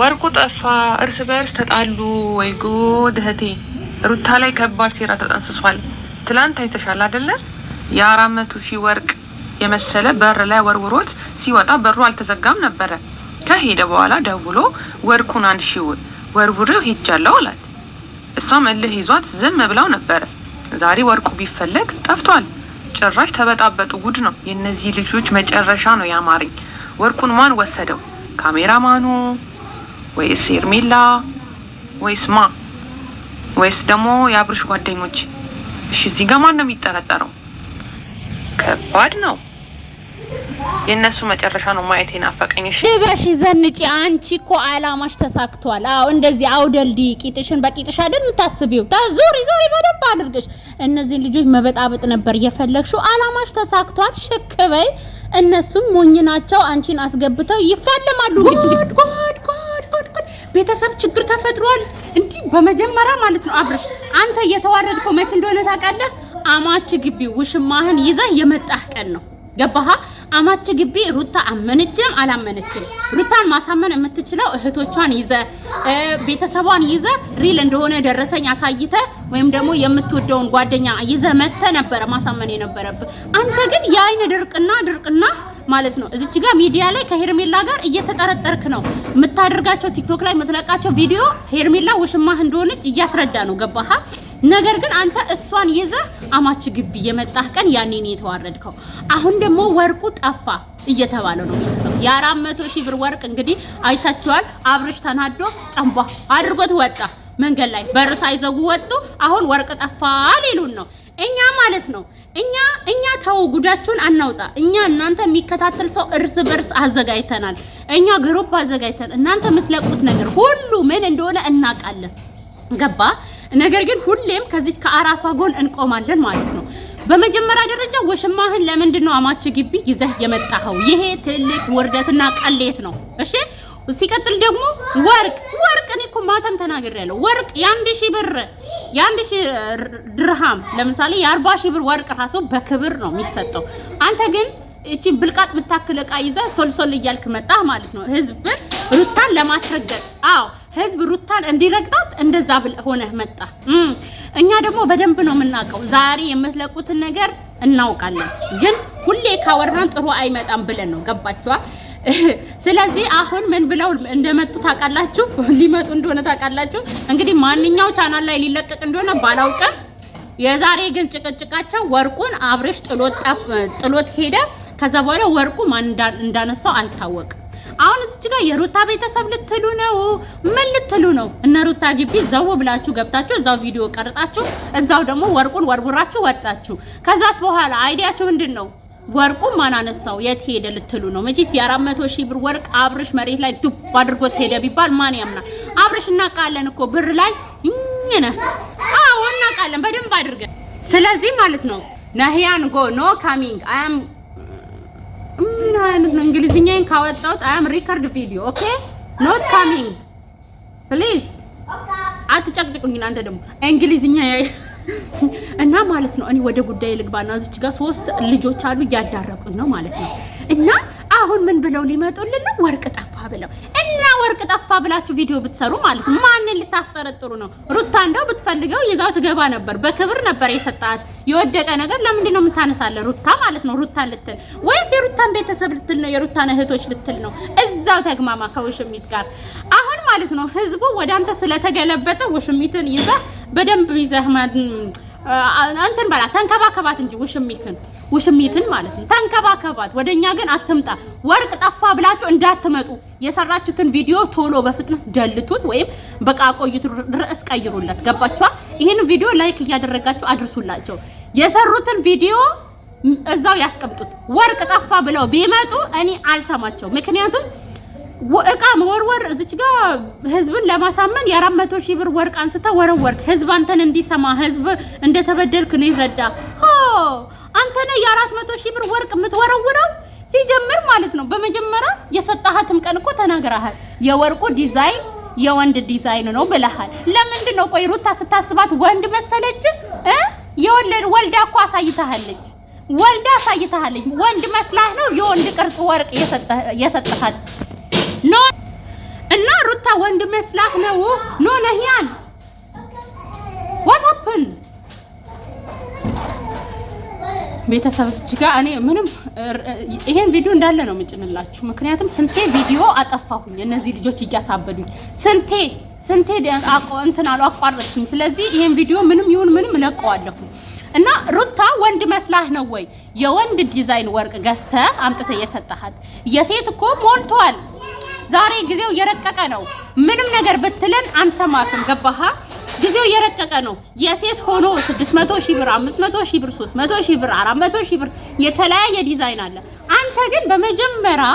ወርቁ ጠፋ፣ እርስ በእርስ ተጣሉ። ወይ ጉድ! እህቴ ሩታ ላይ ከባድ ሴራ ተጠንስሷል። ትላንት አይተሻል አደለ? የአራት መቶ ሺህ ወርቅ የመሰለ በር ላይ ወርውሮት ሲወጣ በሩ አልተዘጋም ነበረ። ከሄደ በኋላ ደውሎ ወርቁን አንሺው ወርውሬው ሄጃለሁ አላት። እሷም እልህ ይዟት ዝም ብላው ነበረ። ዛሬ ወርቁ ቢፈለግ ጠፍቷል። ጭራሽ ተበጣበጡ። ጉድ ነው የእነዚህ ልጆች መጨረሻ ነው ያማረኝ። ወርቁን ማን ወሰደው? ካሜራማኑ ወይስ ኤርሜላ ወይስ ማ ወይስ ደግሞ የአብርሽ ጓደኞች? እሺ እዚህ ጋር ማን ነው የሚጠረጠረው? ከባድ ነው። የእነሱ መጨረሻ ነው ማየት የናፈቀኝ። እሺ ልበሽ ዘንጪ። አንቺ እኮ አላማሽ ተሳክቷል። አዎ እንደዚህ አውደልዲ ቂጥሽን በቂጥሽ አይደል የምታስቢው? ዙሪ ዙሪ በደንብ አድርገሽ እነዚህን ልጆች መበጣበጥ ነበር የፈለግሽው። አላማሽ ተሳክቷል። ሽክ በይ። እነሱም ሞኝ ናቸው። አንቺን አስገብተው ይፋለማሉ። ቤተሰብ ችግር ተፈጥሯል። እንዲህ በመጀመሪያ ማለት ነው አብርሽ፣ አንተ እየተዋረድከው መች እንደሆነ ታውቃለህ? አማች ግቢ ውሽማህን ይዘህ የመጣህ ቀን ነው። ገባሃ አማች ግቢ ሩታ አመነችም አላመነችም፣ ሩታን ማሳመን የምትችለው እህቶቿን ይዘ ቤተሰቧን ይዘ ሪል እንደሆነ ደረሰኝ አሳይተ ወይም ደግሞ የምትወደውን ጓደኛ ይዘ መተ ነበረ ማሳመን የነበረብህ። አንተ ግን የአይነ ድርቅና ድርቅና ማለት ነው። እዚች ጋር ሚዲያ ላይ ከሄርሜላ ጋር እየተጠረጠርክ ነው የምታደርጋቸው ቲክቶክ ላይ የምትለቃቸው ቪዲዮ ሄርሜላ ውሽማህ እንደሆነች እያስረዳ ነው። ገባህ? ነገር ግን አንተ እሷን ይዘህ አማች ግቢ የመጣህ ቀን ያኔ ነው የተዋረድከው። አሁን ደግሞ ወርቁ ጠፋ እየተባለ ነው ቤተሰብ። የአራት መቶ ሺህ ብር ወርቅ እንግዲህ አይታችኋል። አብርሽ ተናዶ ጨንቧ አድርጎት ወጣ። መንገድ ላይ በር ሳይዘጉ ወጡ። አሁን ወርቅ ጠፋ ሊሉን ነው። እኛ ማለት ነው እኛ እኛ ተው ጉዳችሁን አናውጣ። እኛ እናንተ የሚከታተል ሰው እርስ በርስ አዘጋጅተናል። እኛ ግሩፕ አዘጋጅተን እናንተ የምትለቁት ነገር ሁሉ ምን እንደሆነ እናውቃለን። ገባ። ነገር ግን ሁሌም ከዚች ከአራሷ ጎን እንቆማለን ማለት ነው። በመጀመሪያ ደረጃ ወሽማህን ለምንድን ነው አማች ግቢ ይዘህ የመጣኸው? ይሄ ትልቅ ውርደትና ቀሌት ነው። እሺ። ሲቀጥል ደግሞ ወርቅ ወርቅ እኔ እኮ ማታም ተናግሬያለሁ። ወርቅ የአንድ ሺህ ብር የአንድ ሺህ ድርሃም ለምሳሌ የአርባ ሺህ ብር ወርቅ ራሱ በክብር ነው የሚሰጠው። አንተ ግን እቺን ብልቃጥ የምታክል እቃ ይዘህ ሶልሶል እያልክ መጣ ማለት ነው ህዝብን ሩታን ለማስረገጥ አዎ ህዝብ ሩታን እንዲረግጣት እንደዛ ብለህ ሆነህ መጣ። እኛ ደግሞ በደንብ ነው የምናውቀው። ዛሬ የምትለቁትን ነገር እናውቃለን፣ ግን ሁሌ ካወራን ጥሩ አይመጣም ብለን ነው ገባችኋል? ስለዚህ አሁን ምን ብለው እንደመጡ ታውቃላችሁ፣ ሊመጡ እንደሆነ ታውቃላችሁ። እንግዲህ ማንኛው ቻናል ላይ ሊለቀቅ እንደሆነ ባላውቅም የዛሬ ግን ጭቅጭቃቸው ወርቁን አብርሽ ጥሎት ሄደ። ከዛ በኋላ ወርቁ ማን እንዳነሳው አልታወቅም። አሁን እዚች ጋር የሩታ ቤተሰብ ልትሉ ነው? ምን ልትሉ ነው? እነ ሩታ ግቢ ዘው ብላችሁ ገብታችሁ እዛው ቪዲዮ ቀርጻችሁ እዛው ደግሞ ወርቁን ወርውራችሁ ወጣችሁ። ከዛስ በኋላ አይዲያችሁ ምንድን ነው? ወርቁ ማን አነሳው? የት ሄደ ልትሉ ነው? መቼስ የአራት መቶ ሺህ ብር ወርቅ አብርሽ መሬት ላይ ዱብ አድርጎት ሄደ ቢባል ማን ያምናል? አብርሽ እናውቃለን እኮ ብር ላይ እኛነ አዎ እናውቃለን በደንብ አድርገን። ስለዚህ ማለት ነው ነህያን ጎ ኖ ካሚንግ አይ አም ምን አይነት ነው እንግሊዝኛን ካወጣሁት አይ አም ሪከርድ ቪዲዮ ኦኬ ኖት ካሚንግ ፕሊዝ አትጨቅጭቁኝ። እናንተ ደግሞ እንግሊዝኛ እና ማለት ነው እኔ ወደ ጉዳይ ልግባና እዚች ጋር ሶስት ልጆች አሉ እያዳረቁኝ ነው ማለት ነው። እና አሁን ምን ብለው ሊመጡልን ነው? ወርቅ ጠፋ ብለው እና ወርቅ ጠፋ ብላችሁ ቪዲዮ ብትሰሩ ማለት ነው ማንን ልታስጠረጥሩ ነው? ሩታ እንደው ብትፈልገው ይዛው ትገባ ነበር። በክብር ነበር የሰጣት። የወደቀ ነገር ለምንድን ነው የምታነሳለ? ሩታ ማለት ነው ሩታን ልትል ወይስ የሩታን ቤተሰብ ልትል ነው? የሩታን እህቶች ልትል ነው? እዛው ተግማማ ከውሽሚት ጋር አሁን ማለት ነው ህዝቡ ወደ አንተ ስለተገለበጠ ውሽሚትን ይዛ በደንብ ይዘህ አንተን በላት ተንከባከባት እንጂ ውሽሚትን ውሽሚትን ማለት ነው ተንከባከባት። ወደኛ ግን አትምጣ። ወርቅ ጠፋ ብላችሁ እንዳትመጡ። የሰራችሁትን ቪዲዮ ቶሎ በፍጥነት ደልቱት፣ ወይም በቃ ቆይቱ፣ ርዕስ ቀይሩለት። ገባችኋል? ይህን ቪዲዮ ላይክ እያደረጋችሁ አድርሱላቸው። የሰሩትን ቪዲዮ እዛው ያስቀምጡት። ወርቅ ጠፋ ብለው ቢመጡ እኔ አልሰማቸው፣ ምክንያቱም እቃ መወርወር እዚች ጋ ህዝብን ለማሳመን የአራት መቶ ሺህ ብር ወርቅ አንስተ ወረወርክ። ህዝብ አንተን እንዲሰማ ህዝብ እንደተበደልክ ነው ይረዳ። አንተ ነህ የአራት መቶ ሺህ ብር ወርቅ የምትወረውረው ሲጀምር ማለት ነው። በመጀመሪያ የሰጣሃትም ቀን እኮ ተናግረሃል። የወርቁ ዲዛይን የወንድ ዲዛይን ነው ብለሃል። ለምንድን ነው ቆይ ሩታ ስታስባት ወንድ መሰለች? ወልዳ እኮ አሳይታሃለች። ወልዳ አሳይታሃለች። ወንድ መስላህ ነው የወንድ ቅርጽ ወርቅ የሰጠሃት ኖ እና ሩታ ወንድ መስላህ ነው ኖ ለህያል ወታፕን ቤተሰብ ስችጋ እኔ ምንም ይሄን ቪዲዮ እንዳለ ነው የምጭንላችሁ። ምክንያቱም ስንቴ ቪዲዮ አጠፋሁኝ፣ እነዚህ ልጆች እያሳበዱኝ ስንቴ ስንቴ እንትን አሉ አቋረጥኩኝ። ስለዚህ ይሄን ቪዲዮ ምንም ይሁን ምንም እለቀዋለሁ። እና ሩታ ወንድ መስላህ ነው ወይ? የወንድ ዲዛይን ወርቅ ገዝተህ አምጥተህ የሰጠሃት የሴት እኮ ሞልቷል። ዛሬ ጊዜው የረቀቀ ነው። ምንም ነገር ብትለን አንሰማትም። ገባሃ? ጊዜው የረቀቀ ነው። የሴት ሆኖ 600 ሺ ብር፣ 500 ሺ ብር፣ 300 ሺ ብር፣ 400 ሺ ብር የተለያየ ዲዛይን አለ። አንተ ግን በመጀመሪያ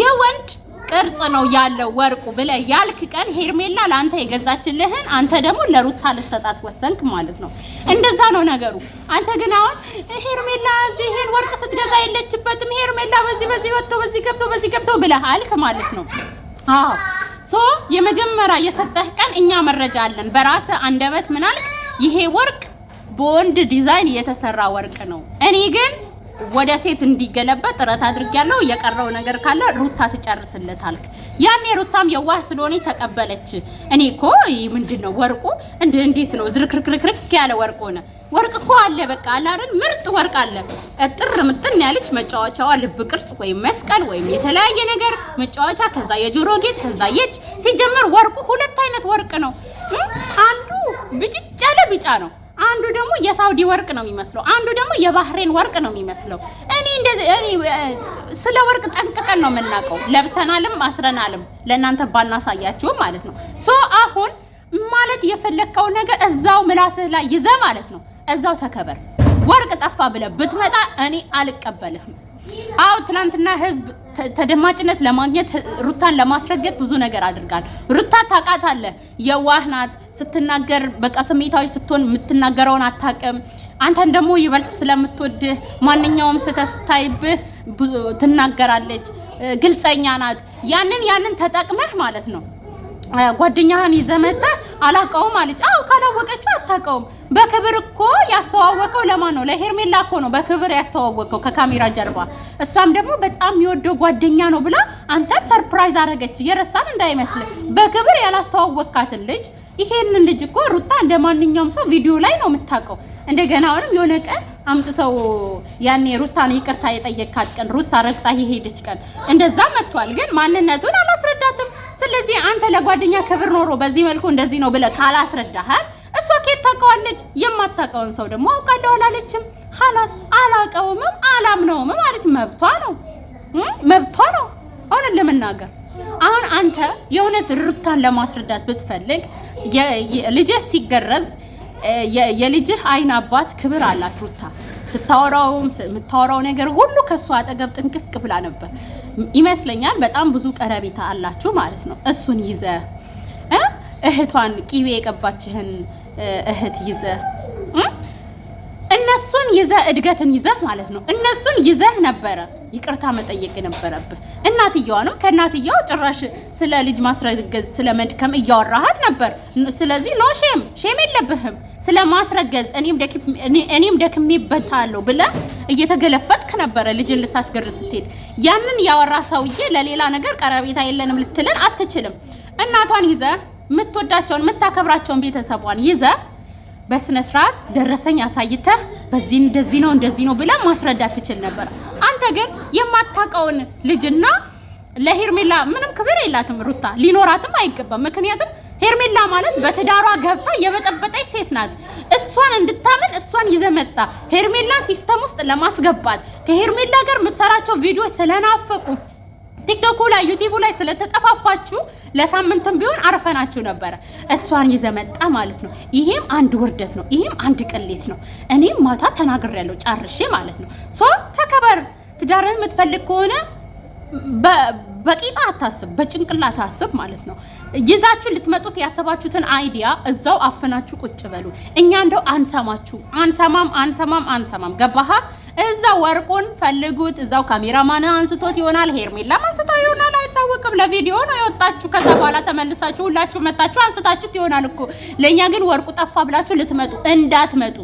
የወንድ ቅርጽ ነው ያለው ወርቁ ብለህ ያልክ ቀን ሄርሜላ ለአንተ የገዛችልህን አንተ ደግሞ ለሩታ ልሰጣት ወሰንክ ማለት ነው። እንደዛ ነው ነገሩ። አንተ ግን አሁን ሄርሜላ እዚህ ይሄን ወርቅ ስትገዛ የለችበትም ሄርሜላ በዚህ በዚህ ወጥቶ በዚህ ገብቶ በዚህ ገብቶ ብለህ አልክ ማለት ነው። አዎ ሶ የመጀመሪያ የሰጠህ ቀን እኛ መረጃ አለን። በራስ አንደበት ምናልክ ይሄ ወርቅ በወንድ ዲዛይን የተሰራ ወርቅ ነው። እኔ ግን ወደ ሴት እንዲገለባ ጥረት አድርጊያለሁ። የቀረው ነገር ካለ ሩታ ትጨርስለት አልክ። ያኔ ሩታም የዋህ ስለሆነ ተቀበለች። እኔ እኮ ምንድን ነው ወርቁ እንዴት ነው ዝርክርክርክርክ ያለ ወርቅ ሆነ? ወርቅ እኮ አለ፣ በቃ አለ አይደል? ምርጥ ወርቅ አለ። ጥር ምጥን ያለች መጫወቻዋ ልብ ቅርጽ ወይም መስቀል ወይም የተለያየ ነገር መጫወቻ፣ ከዛ የጆሮ ጌጥ፣ ከዛ የእጅ። ሲጀመር ወርቁ ሁለት አይነት ወርቅ ነው። አንዱ ብጭጭ ያለ ቢጫ ነው አንዱ ደግሞ የሳውዲ ወርቅ ነው የሚመስለው፣ አንዱ ደግሞ የባህሬን ወርቅ ነው የሚመስለው። እኔ እንደዚህ እኔ ስለ ወርቅ ጠንቅቀን ነው የምናውቀው፣ ለብሰናልም አስረናልም። ለእናንተ ባናሳያችሁም ማለት ነው። ሶ አሁን ማለት የፈለግከው ነገር እዛው ምላስህ ላይ ይዘህ ማለት ነው፣ እዛው ተከበር። ወርቅ ጠፋ ብለህ ብትመጣ እኔ አልቀበልህም። አዎ ትናንትና ህዝብ ተደማጭነት ለማግኘት ሩታን ለማስረገጥ ብዙ ነገር አድርጋል። ሩታ ታውቃታለህ፣ የዋህ ናት። ስትናገር በቃ ስሜታዊ ስትሆን የምትናገረውን አታውቅም። አንተን ደግሞ ይበልጥ ስለምትወድህ ማንኛውም ስህተት ስታይብህ ትናገራለች። ግልጸኛ ናት። ያንን ያንን ተጠቅመህ ማለት ነው ጓደኛህን ይዘህ መጥተህ አላውቀውም አለች። አዎ ካላወቀችው አታውቀውም። በክብር እኮ ያስተዋወቀው ለማን ነው? ለሄርሜላ እኮ ነው በክብር ያስተዋወቀው ከካሜራ ጀርባ። እሷም ደግሞ በጣም የወደው ጓደኛ ነው ብላ አንተን ሰርፕራይዝ አደረገች። የረሳን እንዳይመስልህ በክብር ያላስተዋወቅካትን ልጅ ይሄንን ልጅ እኮ ሩታ እንደ ማንኛውም ሰው ቪዲዮ ላይ ነው የምታውቀው። እንደገና አሁንም የሆነ ቀን አምጥተው ያኔ ሩታን ይቅርታ የጠየካት ቀን ሩታ ረግጣ የሄደች ቀን እንደዛ መጥቷል፣ ግን ማንነቱን አላስረዳትም። ስለዚህ አንተ ለጓደኛ ክብር ኖሮ በዚህ መልኩ እንደዚህ ነው ብለህ ካላስረዳሃል እሷ ኬት ታውቀዋለች? የማታውቀውን ሰው ደግሞ አውቃለሁ አላለችም። ሀላስ አላውቀውምም አላምነውም ማለት መብቷ ነው መብቷ ነው እውነት ለመናገር አሁን አንተ የእውነት ሩታን ለማስረዳት ብትፈልግ ልጅህ ሲገረዝ የልጅህ አይን አባት ክብር አላት ሩታ። ስታወራውም የምታወራው ነገር ሁሉ ከእሱ አጠገብ ጥንቅቅ ብላ ነበር ይመስለኛል። በጣም ብዙ ቀረቤታ አላችሁ ማለት ነው። እሱን ይዘ እህቷን ቂቤ የቀባችህን እህት ይዘ እነሱን ይዘ እድገትን ይዘህ ማለት ነው እነሱን ይዘህ ነበረ ይቅርታ መጠየቅ የነበረብህ። እናትየዋንም ከእናትየዋ ጭራሽ ስለ ልጅ ማስረገዝ ስለ መድከም እያወራሃት ነበር። ስለዚህ ኖ ሼም ሼም የለብህም። ስለ ማስረገዝ እኔም ደክሜበታለሁ ብለ እየተገለፈጥክ ነበረ ልጅን ልታስገር ስትሄድ። ያንን ያወራ ሰውዬ ለሌላ ነገር ቀረቤታ የለንም ልትለን አትችልም። እናቷን ይዘ የምትወዳቸውን የምታከብራቸውን ቤተሰቧን ይዘ በስነ ስርዓት ደረሰኝ አሳይተህ በዚህ እንደዚህ ነው እንደዚህ ነው ብለህ ማስረዳት ትችል ነበር። ነገር የማታውቀውን ልጅና ለሄርሜላ ምንም ክብር የላትም ሩታ ሊኖራትም አይገባም። ምክንያቱም ሄርሜላ ማለት በትዳሯ ገብታ የበጠበጠች ሴት ናት። እሷን እንድታምን እሷን ይዘመጣ ሄርሜላን ሲስተም ውስጥ ለማስገባት ከሄርሜላ ጋር የምትሰራቸው ቪዲዮ ስለናፈቁ ቲክቶኩ ላይ ዩቲቡ ላይ ስለተጠፋፋችሁ ለሳምንትም ቢሆን አርፈናችሁ ነበረ። እሷን ይዘመጣ ማለት ነው። ይሄም አንድ ውርደት ነው። ይሄም አንድ ቅሌት ነው። እኔም ማታ ተናግሬያለሁ ጨርሼ ማለት ነው። ትዳርን የምትፈልግ ከሆነ በቂጣ አታስብ፣ በጭንቅላት አስብ ማለት ነው። ይዛችሁ ልትመጡት ያሰባችሁትን አይዲያ እዛው አፈናችሁ ቁጭ በሉ። እኛ እንደው አንሰማችሁ፣ አንሰማም፣ አንሰማም፣ አንሰማም። ገባሃ? እዛው ወርቁን ፈልጉት። እዛው ካሜራማን አንስቶት ይሆናል፣ ሄርሜላም አንስቶ ይሆናል፣ አይታወቅም። ለቪዲዮ ነው የወጣችሁ። ከዛ በኋላ ተመልሳችሁ ሁላችሁ መጣችሁ አንስታችሁት ይሆናል እኮ። ለእኛ ግን ወርቁ ጠፋ ብላችሁ ልትመጡ እንዳትመጡ፣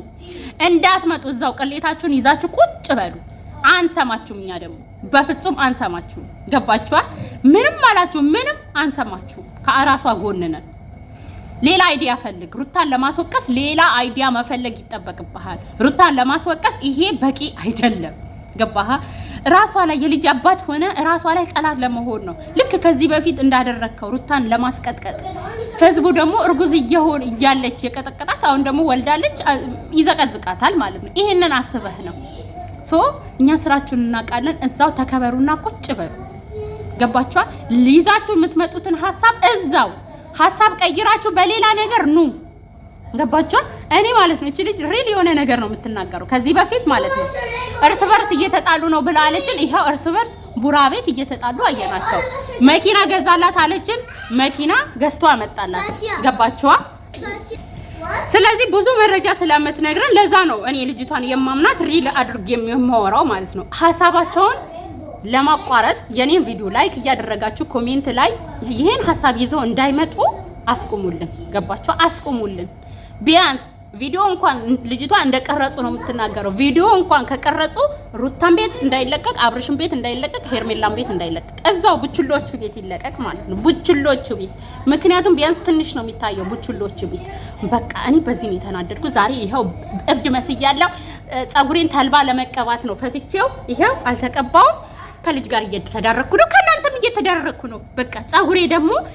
እንዳትመጡ። እዛው ቅሌታችሁን ይዛችሁ ቁጭ በሉ። አንሰማችሁም። እኛ ደግሞ በፍጹም አንሰማችሁም። ገባችኋል? ምንም አላችሁ ምንም አንሰማችሁም። ከራሷ ጎን ነን። ሌላ አይዲያ ፈልግ። ሩታን ለማስወቀስ ሌላ አይዲያ መፈለግ ይጠበቅብሃል። ሩታን ለማስወቀስ ይሄ በቂ አይደለም። ገባህ? ራሷ ላይ የልጅ አባት ሆነ ራሷ ላይ ጠላት ለመሆን ነው። ልክ ከዚህ በፊት እንዳደረግከው ሩታን ለማስቀጥቀጥ ህዝቡ ደግሞ እርጉዝ እየሆን እያለች የቀጠቀጣት አሁን ደግሞ ወልዳለች፣ ይዘቀዝቃታል ማለት ነው። ይሄንን አስበህ ነው ሶ እኛ ስራችሁን እናውቃለን። እዛው ተከበሩና ቁጭ በሉ። ገባችኋል? ሊይዛችሁ የምትመጡትን ሀሳብ እዛው ሀሳብ ቀይራችሁ በሌላ ነገር ኑ። ገባችኋል? እኔ ማለት ነው እቺ ልጅ ሪል የሆነ ነገር ነው የምትናገረው። ከዚህ በፊት ማለት ነው እርስ በርስ እየተጣሉ ነው ብላ አለችን። ይኸው እርስ በርስ ቡራ ቤት እየተጣሉ አየናቸው። መኪና ገዛላት አለችን። መኪና ገዝቶ አመጣላት። ገባችኋል? ስለዚህ ብዙ መረጃ ስለምትነግረን ለዛ ነው እኔ ልጅቷን የማምናት ሪል አድርግ የማወራው ማለት ነው። ሀሳባቸውን ለማቋረጥ የኔን ቪዲዮ ላይክ እያደረጋችሁ ኮሜንት ላይ ይሄን ሀሳብ ይዘው እንዳይመጡ አስቁሙልን። ገባችሁ? አስቁሙልን ቢያንስ ቪዲዮ እንኳን ልጅቷ እንደቀረጹ ነው የምትናገረው። ቪዲዮ እንኳን ከቀረጹ ሩታን ቤት እንዳይለቀቅ፣ አብርሽን ቤት እንዳይለቀቅ፣ ሄርሜላን ቤት እንዳይለቀቅ፣ እዛው ቡችሎቹ ቤት ይለቀቅ ማለት ነው። ቡችሎቹ ቤት ምክንያቱም ቢያንስ ትንሽ ነው የሚታየው ቡችሎቹ ቤት። በቃ እኔ በዚህ ነው የተናደድኩ ዛሬ። ይኸው እብድ መስያለሁ። ፀጉሬን ተልባ ለመቀባት ነው ፈትቼው፣ ይኸው አልተቀባውም። ከልጅ ጋር እየተዳረኩ ነው፣ ከእናንተም እየተዳረኩ ነው። በቃ ጸጉሬ ደግሞ